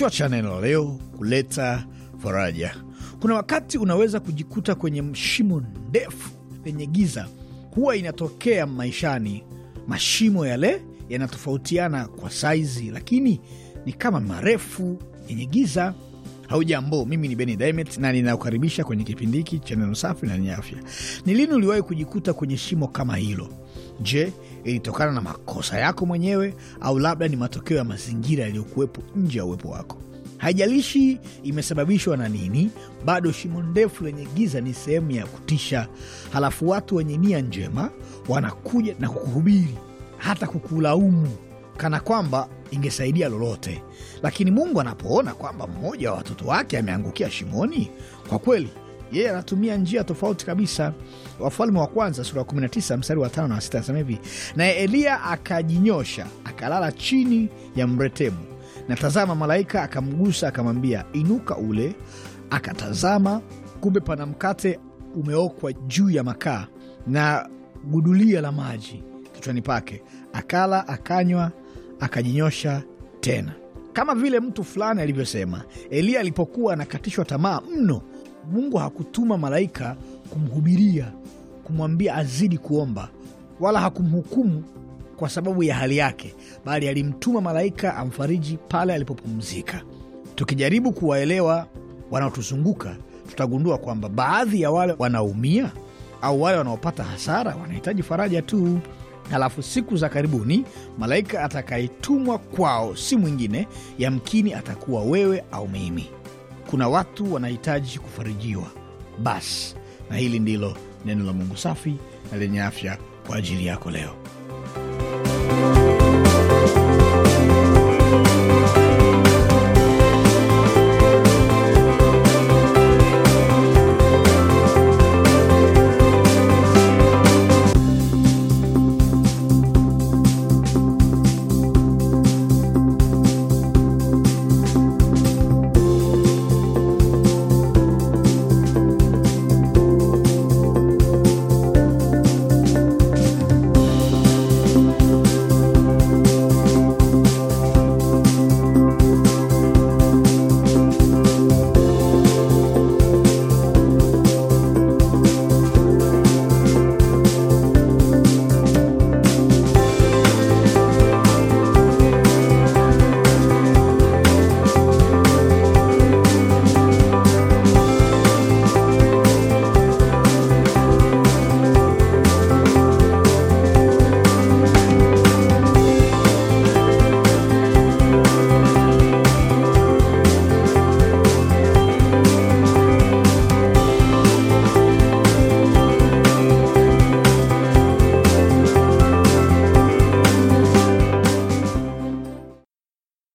Kichwa cha neno leo: kuleta faraja. Kuna wakati unaweza kujikuta kwenye shimo ndefu lenye giza. Huwa inatokea maishani. Mashimo yale yanatofautiana kwa saizi, lakini ni kama marefu yenye giza. Haujambo, mimi ni Beni Dimet na ninakukaribisha kwenye kipindi hiki cha neno safi na lenye afya. Ni lini uliwahi kujikuta kwenye shimo kama hilo? Je, ilitokana na makosa yako mwenyewe au labda ni matokeo ya mazingira yaliyokuwepo nje ya uwepo wako? Haijalishi imesababishwa na nini, bado shimo ndefu lenye giza ni sehemu ya kutisha. Halafu watu wenye nia njema wanakuja na kukuhubiri, hata kukulaumu kana kwamba ingesaidia lolote, lakini Mungu anapoona kwamba mmoja wa watoto wake ameangukia shimoni, kwa kweli yeye yeah, anatumia njia tofauti kabisa. Wafalme wa Kwanza sura ya 19 mstari wa 5 na 6 nasema hivi: naye Eliya akajinyosha akalala chini ya mretemu, na tazama, malaika akamgusa akamwambia, inuka ule. Akatazama, kumbe pana mkate umeokwa juu ya makaa na gudulia la maji kichwani pake. Akala akanywa, akajinyosha tena, kama vile mtu fulani alivyosema, Eliya alipokuwa anakatishwa tamaa mno, Mungu hakutuma malaika kumhubiria, kumwambia azidi kuomba, wala hakumhukumu kwa sababu ya hali yake, bali alimtuma malaika amfariji pale alipopumzika. Tukijaribu kuwaelewa wanaotuzunguka, tutagundua kwamba baadhi ya wale wanaoumia au wale wanaopata hasara wanahitaji faraja tu. Halafu siku za karibuni malaika atakayetumwa kwao si mwingine, yamkini atakuwa wewe au mimi. Kuna watu wanahitaji kufarijiwa. Basi na hili ndilo neno la Mungu safi na lenye afya kwa ajili yako leo.